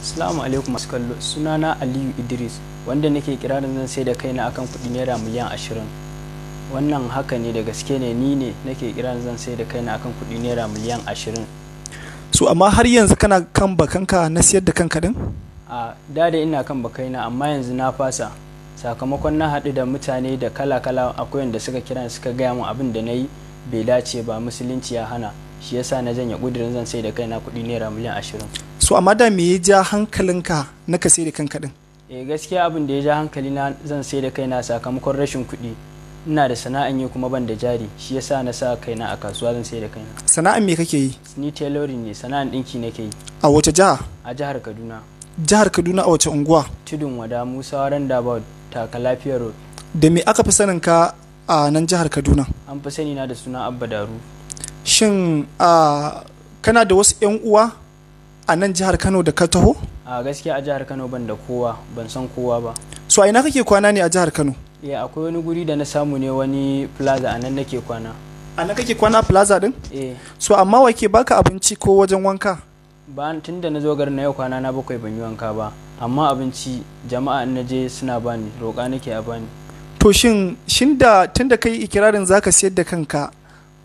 Assalamu alaikum masu kallo sunana Aliyu Idris wanda nake kirarin zan sai da kaina akan kuɗi naira miliyan ashirin wannan haka ne da gaske ne ni ne nake kirarin zan sai da kaina akan kuɗi naira miliyan ashirin. So amma har yanzu kana kan bakanka na siyar da kanka din? A da da ina kan bakaina amma yanzu na fasa sakamakon na haɗu da mutane da kala-kala akwai wanda suka kira suka gaya min abin da na yi bai dace ba musulunci ya hana shi yasa na janye ƙudurin zan sai da kaina kuɗi naira miliyan ashirin. so amma da me ya ja hankalinka na ka sai da kanka din eh gaskiya abin da ya ja hankali na zan sai da kaina sakamakon rashin kuɗi ina da sana'an yi kuma ban da jari shi yasa na sa kaina a kasuwa zan sai da kaina sana'an me kake yi ni tailoring ne sana'an dinki nake yi a wace jiha a jihar Kaduna jihar Kaduna a wace unguwa tudun wada Musa Waranda Bawd taka lafiyar road da me aka fi sanin ka a nan jihar Kaduna an fi sani na da suna Abba Daru shin a kana da wasu 'yan uwa a nan jihar kano da ka taho a gaskiya a jihar kano ban da kowa ban san kowa ba so a ina kake kwana ne a jihar kano ya eh, akwai wani guri da na samu ne wani plaza a nan nake kwana a nan kake kwana plaza din eh so amma wa ke baka abinci ko wajen wanka ba tun da na zo garin na yau kwana na bakwai ban yi wanka ba amma abinci jama'a in je suna bani roƙa nake a bani to shin shin da tun da kai ikirarin zaka siyar da kanka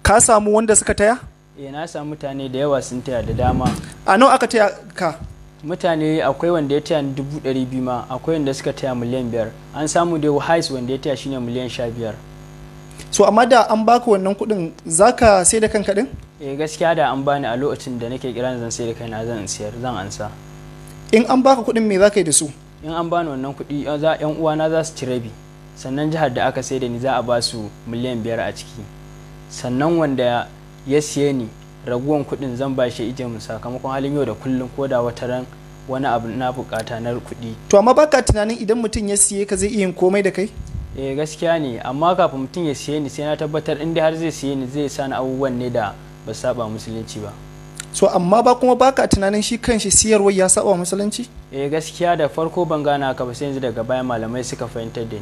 ka samu wanda suka taya eh na samu mutane da yawa sun taya da dama a nawa aka taya ka mutane akwai wanda ya taya dubu ɗari biyu ma akwai wanda suka taya miliyan biyar an samu dai wahais wanda ya taya shine miliyan sha biyar so amma da an baka wannan kuɗin zaka sai da kanka din eh gaskiya da an bani a lokacin da nake kira zan sai da kaina zan siyar zan ansa in an baka kuɗin me zaka yi da su in an bani wannan kuɗi yan eh, uwana za su ci rabi sannan jihar da aka sai da ni za a ba su miliyan biyar a ciki sannan wanda ya siye ni raguwan kuɗin zan ba shi ije mu sakamakon halin yau da kullum ko da wata ran wani abu na bukata na kuɗi to amma baka tunanin idan mutum ya siye ka zai iya komai da kai eh gaskiya ne amma kafin mutum ya siye ni sai na tabbatar inda har zai siye ni zai sani abubuwan ne da ba saba musulunci ba so amma ba kuma baka tunanin shi kanshi siyarwar ya saba musulunci eh gaskiya da farko ban gana ka ba sai yanzu daga baya malamai suka fahimtar da ni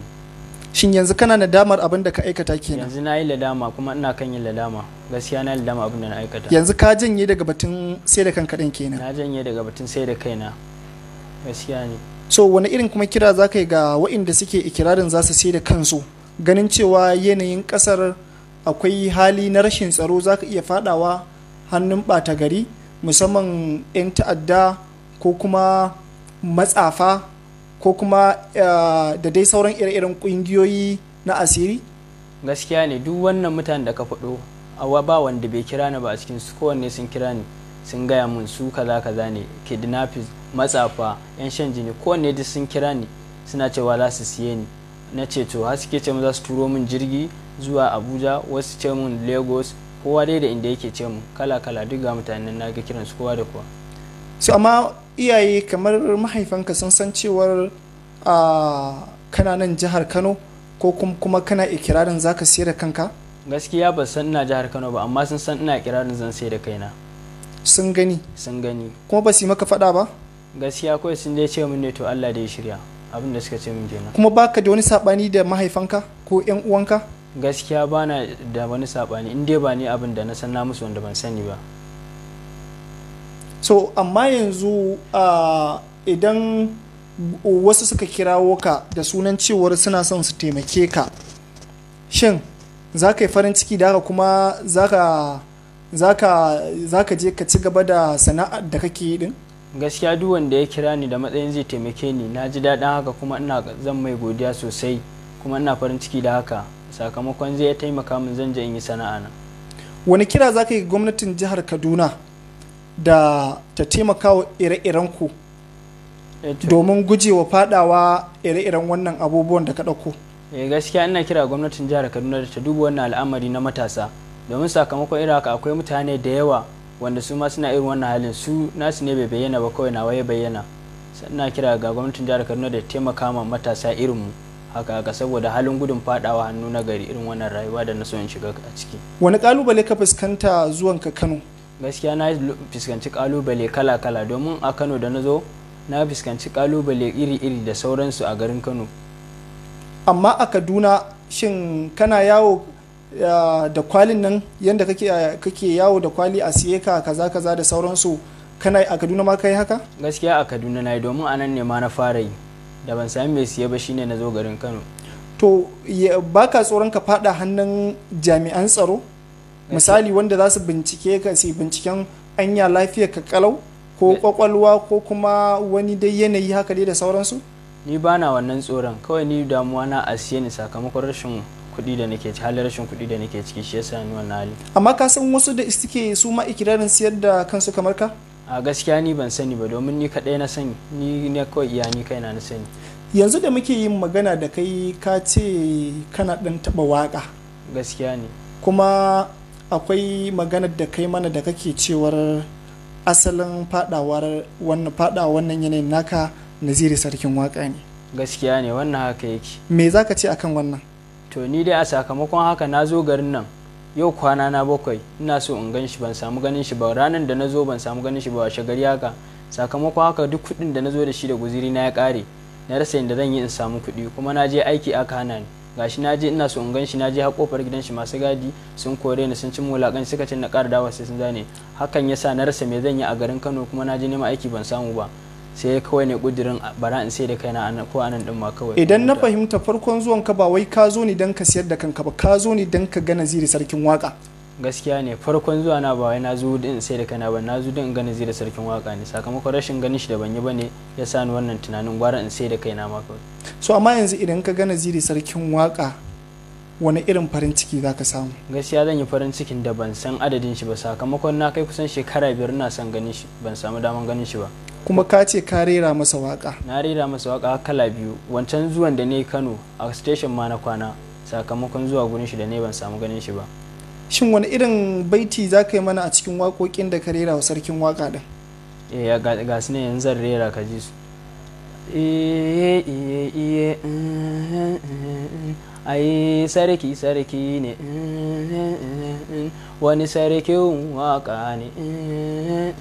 shin yanzu kana nadamar abin da ka aikata kenan yanzu na yi ladama kuma ina kan yin ladama gaskiya na yi ladama abin da na aikata yanzu ka janye daga batun sai da kanka din kenan na janye daga batun sai da kaina gaskiya ne so wani irin kuma kira za ka yi ga waɗanda suke ikirarin za su sai da kansu ganin cewa yanayin ƙasar akwai hali na rashin tsaro za ka iya fadawa hannun ɓata gari musamman 'yan ta'adda ko kuma matsafa ko kuma eh, da dai sauran ire-iren kungiyoyi na asiri gaskiya ne duk wannan mutane da ka faɗo awa ba wanda bai kira ni ba a cikin su kowanne sun kira ni sun gaya mun su kaza kaza ne kidnappers matsafa yan shan jini kowanne duk sun kira ni suna cewa za su siye ni na ce to har suke ce mu za su turo min jirgi zuwa abuja wasu ce mun lagos kowa dai da inda yake ce mu kala kala duk ga mutanen na ga kiransu kowa da kowa so amma iyaye kamar mahaifanka sun san cewar a kana nan jihar kano ko kuma kana ikirarin zaka siyar da kanka gaskiya ba san ina jihar kano ba amma sun san ina ikirarin zan sai da kaina sun gani sun gani kuma ba su maka faɗa ba gaskiya kawai sun dai ce min ne to Allah da ya shirya abin da suka ce min kenan kuma baka da wani sabani da mahaifanka ko yan uwanka gaskiya bana da wani sabani in dai ba ni abin da na san na musu wanda ban sani ba so amma yanzu idan wasu suka kirawo ka da sunan cewar suna son su taimake ka shin za ka yi farin ciki da haka kuma za ka je ka ci gaba da sana'ar da kake yi din gaskiya duk wanda ya kira ni da matsayin zai taimake ni na ji daɗin haka kuma ina zan mai godiya sosai kuma ina farin ciki da haka sakamakon zai taimaka min zan je in yi sana'a na wani kira za ka yi gwamnatin jihar kaduna da ta taimaka wa ire irenku eh, domin gujewa fadawa ire-iren wannan abubuwan da ka ɗauko eh, gaskiya ina kira gwamnatin jihar kaduna da ta duba wannan al'amari na matasa domin sakamakon irin haka akwai mutane da yawa wanda su ma suna irin wannan halin su nasu ne bai bayyana ba kawai nawa ya bayyana ina kira ga gwamnatin jihar kaduna da taimaka ma matasa irin mu haka ga saboda halin gudun fadawa hannu na gari irin wannan rayuwa da na so in shiga a ciki wani kalubale ka fuskanta zuwanka kano gaskiya na fuskanci kalubale kala-kala domin a kano da na zo na fuskanci kalubale iri-iri da sauransu a garin kano amma a kaduna shin kana yawo da kwalin nan yadda kake yawo da kwali a siye ka kaza-kaza da sauransu kana a kaduna ma kai haka gaskiya a kaduna na yi domin anan nan ne ma na fara yi da ban sami mai siye ba shine na zo garin kano to baka tsoron ka fada hannun jami'an tsaro misali wanda za su bincike ka su binciken anya lafiyar ka kalau ko kwakwalwa ko kuma wani dai yanayi haka dai da sauransu ni ba na wannan tsoron kawai ni damuwa na a siya ni sakamakon rashin kuɗi da nake halin rashin kuɗi da nake ciki shi yasa ni wannan hali amma ka san wasu da suke su ma ikirarin siyar da kansu kamar ka a gaskiya ni ban sani ba domin ni kaɗai na sani ni ne kawai iya ni kaina na sani yanzu da muke yin magana da kai ka ce kana ɗan taɓa waƙa gaskiya ne kuma akwai maganar da kai mana da kake cewar asalin fadawar wannan fadawa wannan yanayin naka naziri sarkin waka ne gaskiya ne wannan haka yake me zaka ce akan wannan to ni dai a sakamakon haka na zo garin nan yau kwana na bakwai ina so in gan shi ban samu ganin shi ba ranar da na zo ban samu ganin shi ba washe gari haka sakamakon haka duk kudin da na zo da shi da guziri na ya kare na rasa yadda zan yi in samu kudi kuma na je aiki aka hana ni gashi na je ina so in gan shi na je har kofar gidan shi masu gadi sun kore ni sun ci mulakan suka ce na ƙara dawa sai sun zane hakan yasa na rasa me zan yi a garin Kano kuma na neman aiki ban samu ba sai kawai ne kudirin bara in sai da kaina ko anan din ma kawai idan na fahimta farkon zuwan ka ba wai ka zo ni dan ka siyar da kanka ba ka zo ni dan ka ga naziri sarkin waka gaskiya ne farkon zuwa na ba wai na zo din sai da kana ba na zo din ganin zai da sarkin waka ne sakamakon rashin ganin shi da ban yi ba ne ya sa ni wannan tunanin gwara in sai da kai ma maka so amma yanzu idan ka gana ziri sarkin waka wani irin farin ciki za ka samu gaskiya zan yi farin cikin da ban san adadin shi ba sakamakon na kai kusan shekara biyar na san ganin shi ban samu daman ganin shi ba kuma ka ce ka rera masa waka na rera masa waka kala biyu wancan zuwan da ne kano a station ma na kwana sakamakon zuwa gurin shi da ne ban samu ganin shi ba shin wani irin baiti za ka yi mana a cikin waƙoƙin da ka rera wa sarkin waƙa da ya ga su ne yanzu zan rera ka ji su iye sarki sarki ne wani sarkin waka ne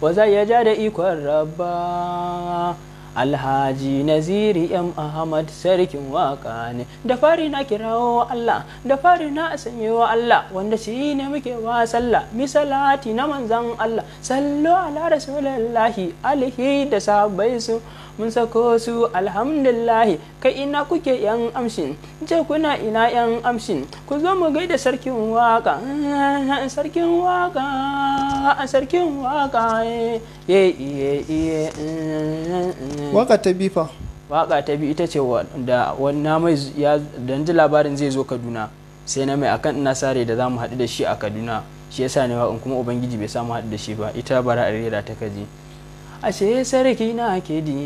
wa zai ya ja da ikon rabba alhaji naziri m ahmad sarkin waka ne da fari na kirawo allah da fari na wa allah wanda shi ne muke wa sallah misalati na manzan allah sallo ala rasulallahi alihi da sabai su mun sako su alhamdulillahi kai ina kuke yan amshin je kuna ina yan amshin ku zo mu gaida sarkin waka ah, ah, sarkin waka ah, sarkin waka eh. ye ye ye waka ta bifa waka ta bi ita ce da wannan mai ya danji labarin zai zo Kaduna sai na mai akan ina sare da zamu haɗu da shi a Kaduna shi yasa ne wa kuma ubangiji bai samu haɗu da shi ba ita bara a rera ta kaji ashe sarki na ke di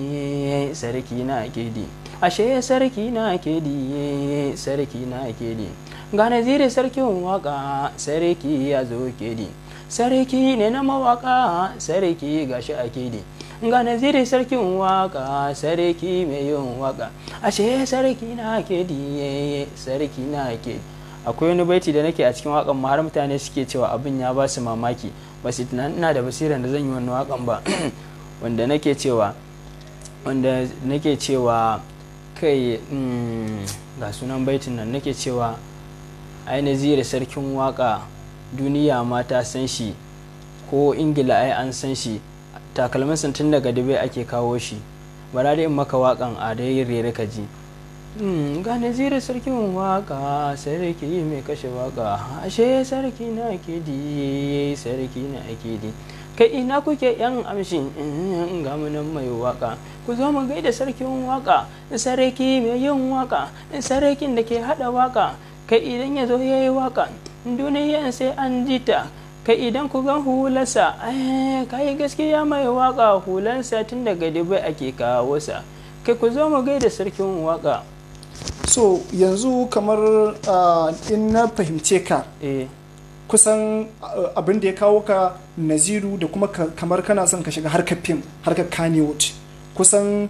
sarki na ke di ashe sarki na ke di sarki na ke di ga naziri sarkin waka sarki ya zo ke di sarki ne na mawaka sarki gashi ake di ga naziri sarkin waka sarki mai yin waka ashe sarki na ke di sarki na ke akwai wani baiti da nake a cikin wakan har mutane suke cewa abin ya ba su mamaki ba su tunanin da basiran da zan yi wannan wakan ba wanda nake cewa wanda nake cewa kai mm, ga sunan baitin nan nake cewa ai nazira sarkin waka duniya ma ta san shi ko ingila ai an san shi takalmin tun daga dubai ake kawo shi barari in maka wakan a yin rere ka ji mm, ga nazira sarkin waka sarki mai kashe waka ashe sarki na di sarki na kidi kai ina eh, kuke yan amshin eh, ga nan mai waka ku zo mu gaida sarkin waka sarki mai yin waka sarkin da ke hada waka kai idan ya zo ya yi waka Duniya sai an jita. kai idan ku gan hulansa eh, kai gaskiya mai waka hulansa tun daga dubai ake kawo sa kai ku zo mu gaida sarkin waka so yanzu kamar ah, in na fahimce ka kusan uh, abin da ya kawo ka naziru da kuma kamar kana son ka shiga harkar fim harkar kaniwood kusan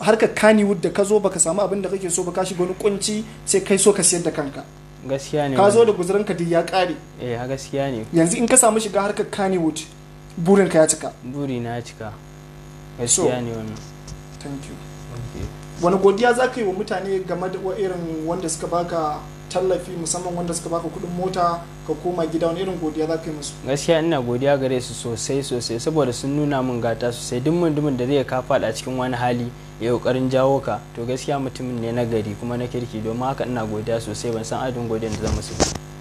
harkar kaniwood da ka zo baka samu abin da kake so ba ka shiga wani kunci sai kai so ka siyar da kanka gaskiya ne ka zo da guzurin ka ya kare eh gaskiya ne yanzu in ka samu shiga harkar kaniwood burin ka ya cika buri na ya cika gaskiya ne wannan thank you wani godiya za ka yi wa mutane game da irin wanda suka baka tallafi musamman wanda suka baka kudin mota ka koma gida wani irin godiya za ka yi musu gaskiya ina godiya gare su sosai sosai saboda sun nuna min gata sosai duk mundumin da zai ka faɗa cikin wani hali ya ƙoƙarin jawo ka to gaskiya mutumin ne na gari kuma na kirki domin haka ina godiya sosai ban san adin godiyar da zan musu